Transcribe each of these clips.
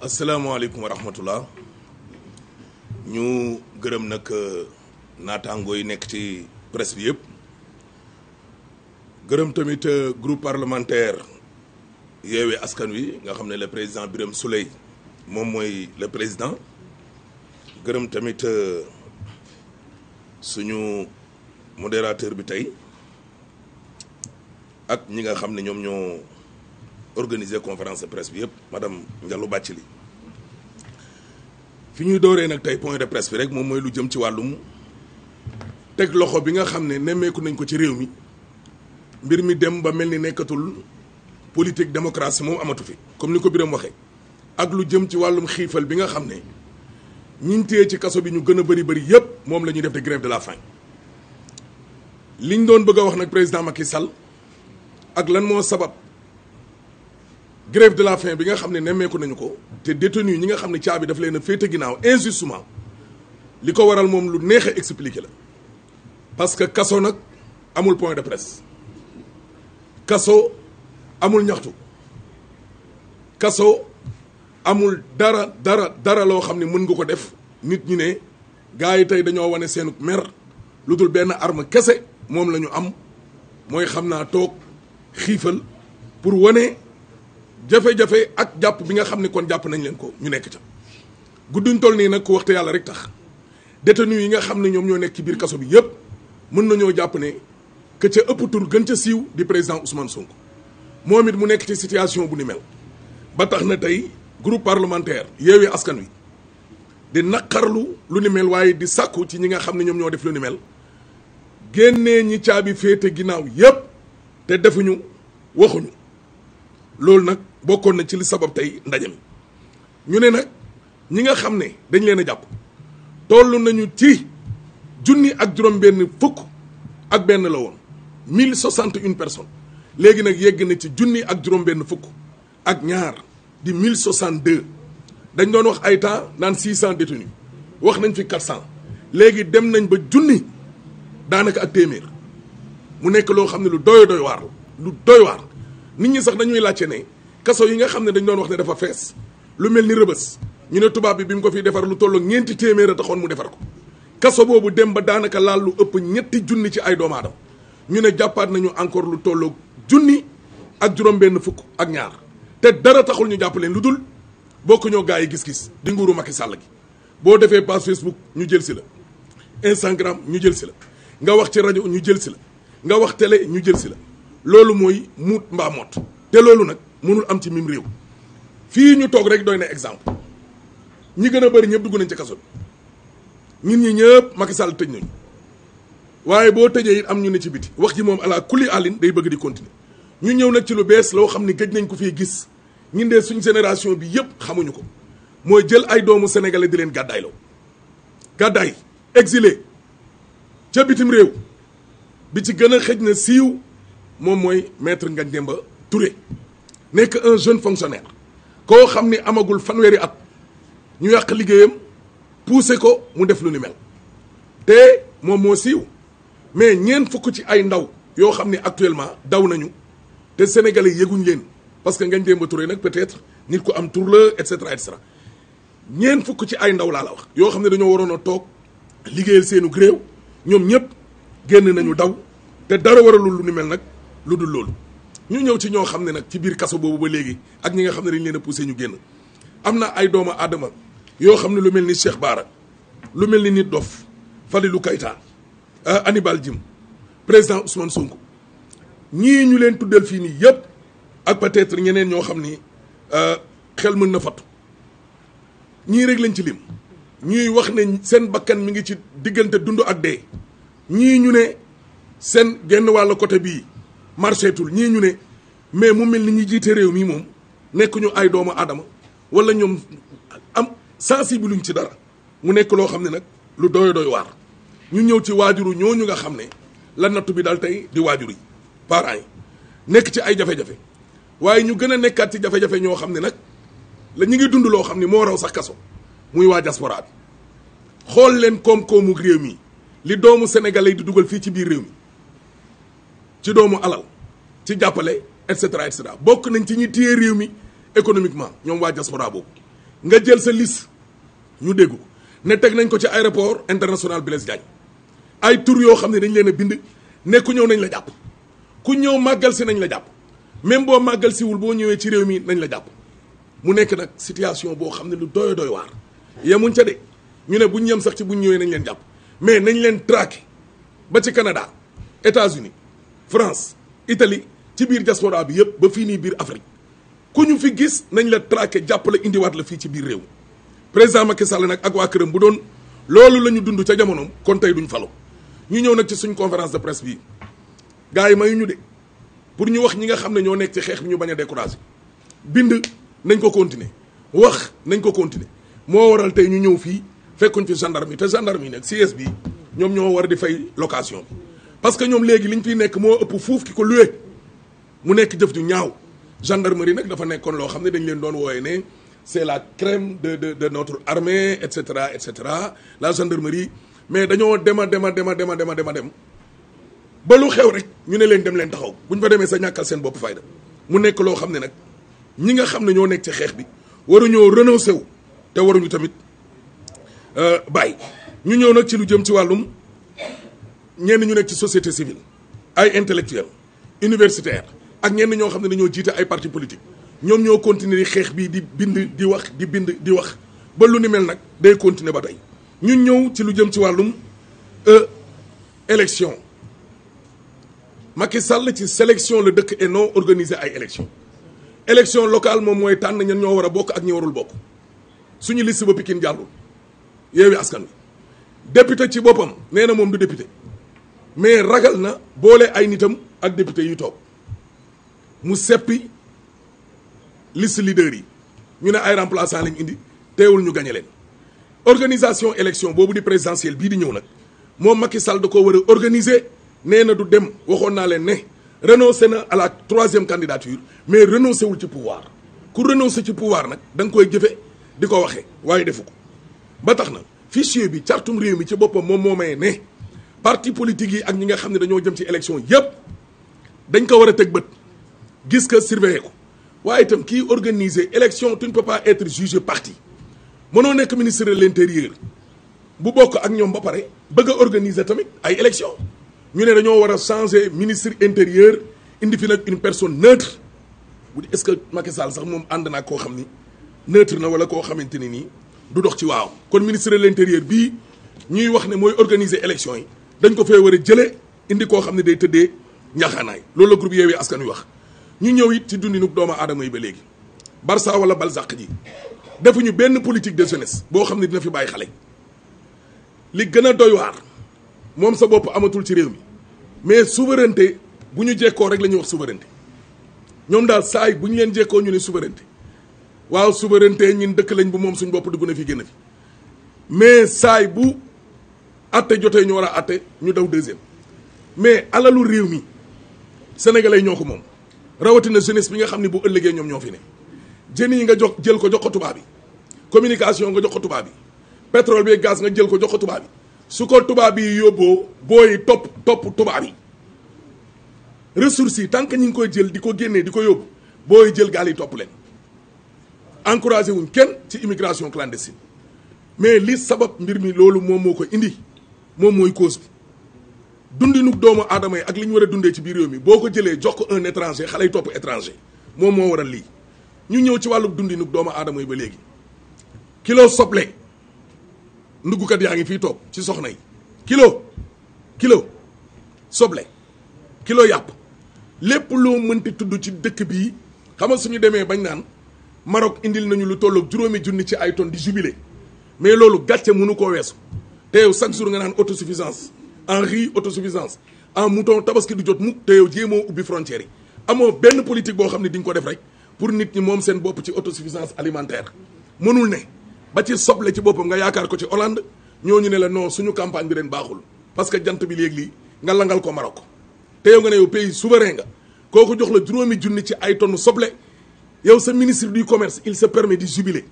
waaw asalaamaaleykum wa ñu gërëm nag euh, naataango yi nekk ci presse bi yëpp gërëm tamit euh, groupe parlementaire yeewee askan wi nga xam ne la président Birame Souleye moom mooy le président gërëm tamit euh, suñu modérateur bi tey ak ñi nga xam ne ñoom ñoo organiser conférence de presse bi yëpp madame Ndiallo li fi ñuy dooree nag tey point de presse bi rek moom mooy lu jëm ci wàllum teg loxo bi nga xam ne nemmeeku nañ ko ci réew mi mbir mi dem ba mel ni nekkatul politique démocratie moom amatu fi comme ni ko Birame waxee ak lu jëm ci wàllum xiifal bi nga xam ne ñiñ téye ci kaso bi ñu gën a bëri bëri yëpp moom la ñuy def de grève de la faim liñ doon bëgg a wax nag président Macky Sall ak lan moo sabab grève de la faim bi nga xam ne nemmeeku nañu ko te détenu ñi nga xam ne caabi daf leen a féete ginnaaw injustement li ko waral moom lu neex a expliqué la parce que kaso nag amul point de presse kaso amul ñaxtu kaso amul dara dara dara loo xam ne mën nga ko def nit ñi ne gars yi tey dañoo wane seenu mer lu dul benn arme kese moom la ñu am mooy xam naa toog xiifal pour wane. jafe-jafe ak jàpp bi nga xam ne kon jàpp nañ leen ko ñu nekk ca gudduñ toll nii nag ku waxte yàlla rek tax détenu yi nga xam ne ñoom ñoo nekk ci biir kaso bi yëpp mën nañoo jàpp ne que ca ëpp tur gën ca siiw di président Ousmane Sonko moom it mu nekk ci situation bu ni mel ba tax na tey groupe parlementaire yeewee askan wi di naqarlu lu ni mel waaye di sàkku ci ñi nga xam ne ñoom ñoo def lu ni mel génnee ñi caabi féete ginnaaw yëpp te defuñu waxuñu loolu nag. bokkoon na ci li sabab tey ndaje mi ñu ne nag ñi nga xam ne dañ leen a jàpp toll nañu ci junni ak juróom-benn fukk ak benn la woon mille soixante une personnes léegi nag yegg na ci junni ak juróom-benn fukk ak ñaar di mille soixante deux dañ doon wax ay temps naan six wax nañ fi quatre cent léegi dem nañ ba junni daanaka ak téeméer mu nekk loo xam ne lu doy doy waar lu doy waar nit ñi sax dañuy laajte ne. kaso yi nga xam ne dañ doon wax ne dafa fees lu mel ni rëbës ñu ne tubaab bi bi mu ko fiy defar lu tollook ñeenti téeméer a taxoon mu defar ko kaso boobu dem ba daanaka laal lu ëpp ñetti junni ci ay doomu aadama ñu ne jàppaat nañu encore lu tolloo junni ak juróom-benn fukk ak ñaar te dara taxul ñu jàpp leen lu dul bokk ñoo gaa yi gis-gis di nguuru Macky Sall gi boo defee page Facebook ñu jël si la Instagram ñu jël si la nga wax ci rajo ñu jël si la nga wax télé ñu jël si la loolu mooy muut mbaa moot te loolu nag mënul am ci mim réew fii ñu toog rek doy na exemple ñi gën a bëri ñëpp dugg nañ ci kaso bi ñun ñi ñëpp Macky Sall tëj nañu waaye boo tëjee it am ñu ne ci biti wax ji moom ala kulli àllin day bëgg di continuer ñu ñëw nag ci lu bees loo xam ni gëj nañ ko fii gis ñun de suñ génération bi yëpp xamuñu ko mooy jël ay doomu sénégalais di leen gàddaay loo gàddaay exilé ca bitim réew bi ci gën a xëj na siiw moom mooy maître Ngagne Demba Touré nekk un jeune fonctionnaire koo xam ni amagul fanweeri at ñu yàq liggéeyam poussé ko mu def lu ni mel te moom moo siiw mais ñeen fukk ci ay ndaw yoo xam ni actuellement daw nañu te sénégalais yëguñ leen parce que Ngagne Demba Touré nag peut-être nit ku am tur la et cetera et cetera fukk ci ay ndaw laa la wax. yoo xam ne dañoo waroon a toog liggéeyal seenu réew ñoom ñëpp génn nañu daw te dara waralu lu ni mel nag lu dul loolu. ñu ñëw ci ñoo xam ne nag ci biir kaso boobu ba léegi ak ñi nga xam ne dañ leen a poussé ñu génn am na ay doomu aadama yoo xam ne lu mel ni Cheikh Baara lu mel ni nit dof Fadilou Keïta euh, Hannibal jim président Ousmane Sonko ñii ñu leen tuddal fii nii yëpp ak peut-être ñeneen ñoo xam ni euh, xel mën na fattu ñii rek lañ ci lim ñuy wax ne seen bakkan mu ngi ci diggante dund ak dee ñii ñu ne seen genn wàll côté bii marsetul ñii ñu ne mais mu mel ni ñi jiite réew mii moom nekkuñu ay doomu aadama wala ñoom am sensible luñ ci dara mu nekk loo xam ne nag lu doy doy waar ñu ñëw ci waajuru ñu nga xam ne la nattu bi daal tey di waajur yi parents yi nekk ci ay jafe-jafe waaye ñu gën a nekkaat ci jafe-jafe ñoo xam ne nag la ñu ngi dund loo xam ni moo raw sax kaso muy waa diaspora bi xool leen koom-koomu réew mi li doomu sénégalais di dugal fii ci biir réew mi ci doomu alal ci jàppale et cetera et bokk nañ ci ñi téye réew mi économiquement ñoom waa diaspora boobu nga jël sa liste ñu dégg ko ne teg nañ ko ci aéroport international Blaise Diagne ay tur yoo xam ne dañ leen a bind ne ñëw nañ la jàpp ku ñëw màggal si nañ la jàpp même boo màggal siwul boo ñëwee ci réew mi nañ la jàpp mu nekk nag situation boo xam ne lu doy doy waar yemuñ ca de ñu ne buñ yem sax ci buñ ñëwee nañ leen jàpp mais nañ leen traqué ba ci Canada États-Unis France Italie ci biir diaspora bi yëpp ba fii nii biir Afrique ku ñu fi gis nañ la traqué jàppale indiwaat la fii ci biir réew président Macky Sall nag ak waa këram bu doon loolu la ñu dund ca jamonoom kon tey duñ falo ñu ñëw nag ci suñ conférence de presse bi gars yi mayu ñu de pour ñu wax ñi nga xam ne ñoo nekk ci xeex bi ñu bañ a découragé bind nañ ko continuer wax nañ ko continuer moo waral tey ñu ñëw fii fekkuñ fi gendarme yi te gendarme yi nag CS bi ñoom ñoo war di fay location parce que ñoom léegi li ñu fiy nekk moo ëpp fuuf ki ko luwe mu nekk jëf ju ñaaw gendarmerie nag dafa nekkoon loo xam ne dañ leen doon wooye ne c'est la crème de de de notre armée et cetera et cetera la gendarmerie mais dañoo dem a dem a dem a dem a dem a dem a dem ba lu xew rek ñu ne leen dem leen taxaw bu ñu fa demee sa ñàkkal seen bopp fayda mu nekk loo xam ne nag ñi nga xam ne ñoo nekk ci xeex bi waruñoo renoncé wu te waruñu tamit euh, bàyyi ñu ñëw nag ci lu jëm ci wàllum. ñenn ñu nekk ci société civile ay intellectuel universitaire ak ñenn ñoo xam ne dañoo jiite ay parti politique ñoom ñoo continuer di xeex bii di bind di wax di bind di wax ba lu ni mel nag day continuer ba tey ñu ñëw ci lu jëm ci wàllum euh, élection Macky Sall ci sélection la dëkk et non organiser ay élection élection locale moom mooy tànn ñan ñoo war a bokk ak ñi warul bokk suñu liste ba Pikine jàllul yeewi askan wi député ci boppam nee na moom du député mais ragal na boole ay nitam ak député yi toog mu seppi liste leader yi ñu ne ay remplaçant lañ indi teewul ñu gañe leen organisation élection boobu di présidentielle bii di ñëw nag moo Macky Sall da ko war a organiser nee na du dem waxoon naa leen ne renoncé na à la troisième candidature mais renoncé wul ci pouvoir ku renoncé ci pouvoir nag da nga koy jëfe di ko waxee waaye defu ko ba tax na fichier bi cartum réew mi ci boppam moom moo may ne parti politique yi ak ñi nga xam ne dañoo jëm ci élection yépp dañ ko war a teg bët gis que surveiller ko waaye itam kii organiser élection tu ne peux pas être jugé parti mënoo nekk ministre de bu bokk ak ñoom ba pare bëgg a organiser tamit ay élection ñu ne dañoo war a changer ministre intérieur indi fi nag une personne neutre bu est-ce que Macky Sall sax moom ànd naa koo xam ni neutre na wala koo xamante ni nii du dox ci waaw kon ministre de l'intérieur bii ñuy wax ne mooy organiser élection yi dañ ko fee war a jëlee indi koo xam ne day tëddee ñaxaanaay loolu la groupe Yewwi Askan Wi wax ñu ñëw it ci dundinu doomu aadama yi ba léegi Barça wala Balzac ji defuñu benn politique de jeunesse boo xam ne dina fi bàyyi xale li gën a doy waar moom sa bopp amatul ci réew mi mais souveraineté bu ñu jekkoo rek la ñuy wax souveraineté ñoom daal saay bu ñu leen jekkoo ñu ne souveraineté waaw souveraineté ñun dëkk lañ bu moom suñ bopp dugg na fi génn fi mais saay atte jotee ñu war a atte ñu daw deuxième mais alalu réew mi sénégalais ñoo ko moom rawatina jeunesse bi nga xam ne bu ëllëgee ñoom ñoo fi ne jën yi nga jox jël ko jox ko tubaab bi communication nga jox ko tubaab bi pétrole bi gaz nga jël ko jox ko tubaab bi su ko tubaab yi yóbboo booy topp topp tubaab yi ressources yi tant que ñu ngi koy jël di ko génnee di ko yóbbu booy jël gaal yi topp leen encouragé wuñ kenn ci immigration clandestine mais li sabab mbir mi loolu moom moo ko indi moom mooy cause bi dundinu doomu aadama yi ak li ñu war a dundee ci biir réew mi boo ko jëlee jox ko un étranger xale yi topp étranger moom moo waral lii ñu ñëw ci wàllu dundinu doomu aadama yi ba léegi kilo soble nduggukat yaa ngi fii toog ci soxna yi kilo kilo soble kilo yàpp lépp loo mënti tudd ci dëkk bii xam nga suñu demee bañ naan Maroc indil nañu lu tolloog juróomi junni ci ay tonnes di jubilé mais loolu gàcce mënu ko weesu te yow chaque jour nga naan autosuffisance en riz autosuffisance en mouton tabaski du jot mukk te yow jéemoo ubbi frontière yi amoo benn politique boo xam ne di ko def rek pour nit ñi moom seen bopp ci autosuffisance alimentaire mënul ne ba ci soble ci boppam nga yaakaar ko ci Hollande ñu ne la noo suñu campagne bi ren baaxul parce que jant bi léegi lii nga langal ko Maroc te yow nga ne yow pays souverain nga kooku jox la juróomi junni ci ay tonnes soble yow sa ministre du commerce il se permet di jubiler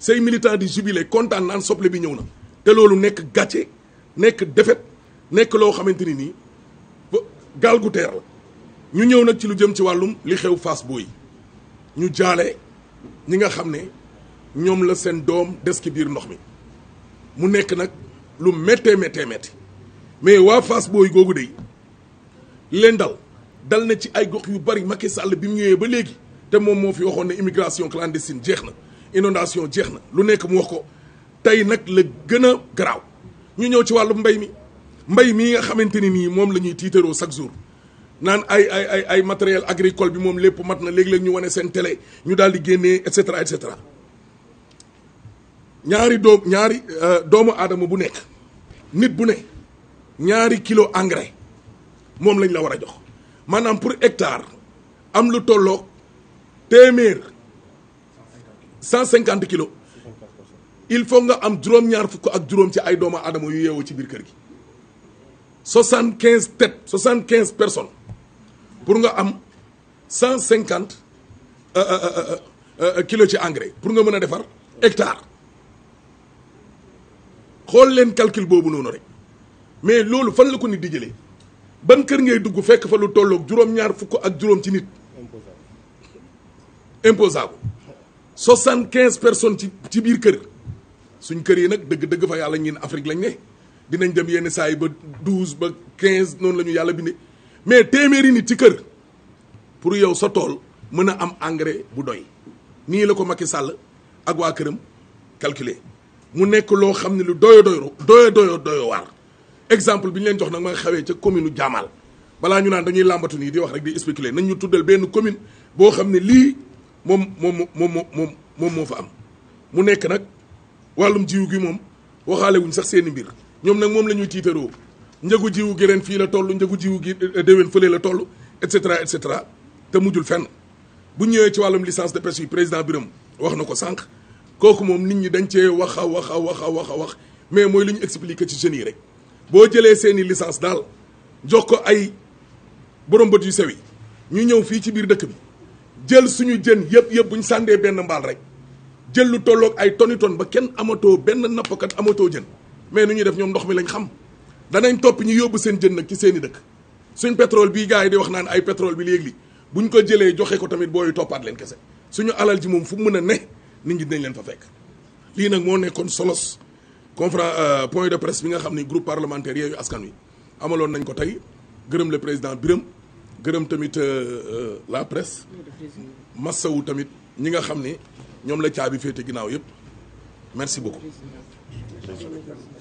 say militants di soble bi ñëw na te loolu nekk gàcce nekk defet nekk loo xamante ni nii gaal gu teer la ñu ñëw nag ci lu jëm ci wàllum li xew Fass Boye ñu jaale ñi nga xam ne ñoom la seen doom des ci biir ndox mi mu nekk nag lu méttee méttee métti mais waa Fass Boye googu de leen dal dal na ci ay gox yu bari Macky sàll bi mu ñëwee ba léegi te moom moo fi waxoon ne immigration clandestine jeex na inondation jeex na lu nekk mu wax ko tey nag la gën a garaaw ñu ñëw ci wàllu mbay mi mbay mii nga xamante ni nii moom la ñuy tiitaroo chaque jour naan ay ay ay ay matériel agricole bi moom lépp mat na léegi léeg ñu wane seen télé ñu daal di génnee et cetera et ñaari doom ñaari euh, doomu aadama bu nekk nit bu ne ñaari kilo engrais moom lañ la war a jox maanaam pour hectare am lu tolloog téeméer cent cinquante kilos il faut nga am juróom-ñaar fukk ak juróom ci ay doomu aadama yu yeewoo ci biir kër gi soixante quinze têtes soixante quinze personnes pour nga am cent cinquante euh, euh, euh, kilo ci engrais pour nga mën a defar hectare xool leen calcul boobu noonu rek mais loolu fan la ko nit di jëlee ban kër ngay dugg fekk fa lu tollook juróom-ñaar fukk ak juróom ci nit imposable soixante quinze personnes ci ci biir kër suñ kër yi nag dëgg dëgg fa yàlla ñun Afrique lañu ne dinañ dem yenn saa yi ba douze ba quinze noonu la ñu yàlla bindee mais téeméeri nit ci kër pour yow sa tool mën a am engrais bu doy nii la ko Macky sàll ak waa këram calculer mu nekk loo xam ne lu doyo doyo doy doy doyo waar exemple bi ñu leen jox nag ma xawee ca commune u balaa ñu naan dañuy làmbatu nii di wax rek di spéculer nañ ñu tuddal benn commune boo xam ne lii moom moom moom moom moom moo fa am mu nekk nag wàllum jiw gi moom waxaale wuñ sax seeni mbir ñoom nag moom la ñuy tiitaroo njëgu jiw gi ren fii la toll njëgu jiwu gi euh, déwén fële la toll et cetera et cetera te mujjul fenn bu ñëwee ci wàllum licence de pêche yi président Birame wax na ko sànq kooku moom nit ñi dañ cee wax a wax wax a wax a wax mais mooy li ñu expliquer ci jeunes yi rek boo jëlee seen i licence daal jox ko ay borom yu sew yi ñu ñëw fii ci biir dëkk bi jël suñu jën yëpp yëpp bu ñu sàndee benn mbaal rek jël lu tolloog ay toni ba kenn amatoo benn nappkat amatoo jën mais ni ñuy def ñoom ndox mi lañ xam danañ topp ñu yóbbu seen jën nag ci seen i dëkk suñ pétrole bi gaa yi di wax naan ay pétrole bi léegi li buñ ko jëlee joxe ko tamit booy toppaat leen kese suñu alal ji moom fu mu mën a ne nit ñi dinañ leen fa fekk. lii nag moo nekkoon solos conférence euh, point de presse bi nga xam ni groupe parlementaire yooyu askan wi amaloon nañ ko tey gërëm la président Birame gërëm tamit euh, euh, la presse massawu tamit ñi nga xam ni. ñoom la caabi féete ginnaaw yëpp merci beaucoup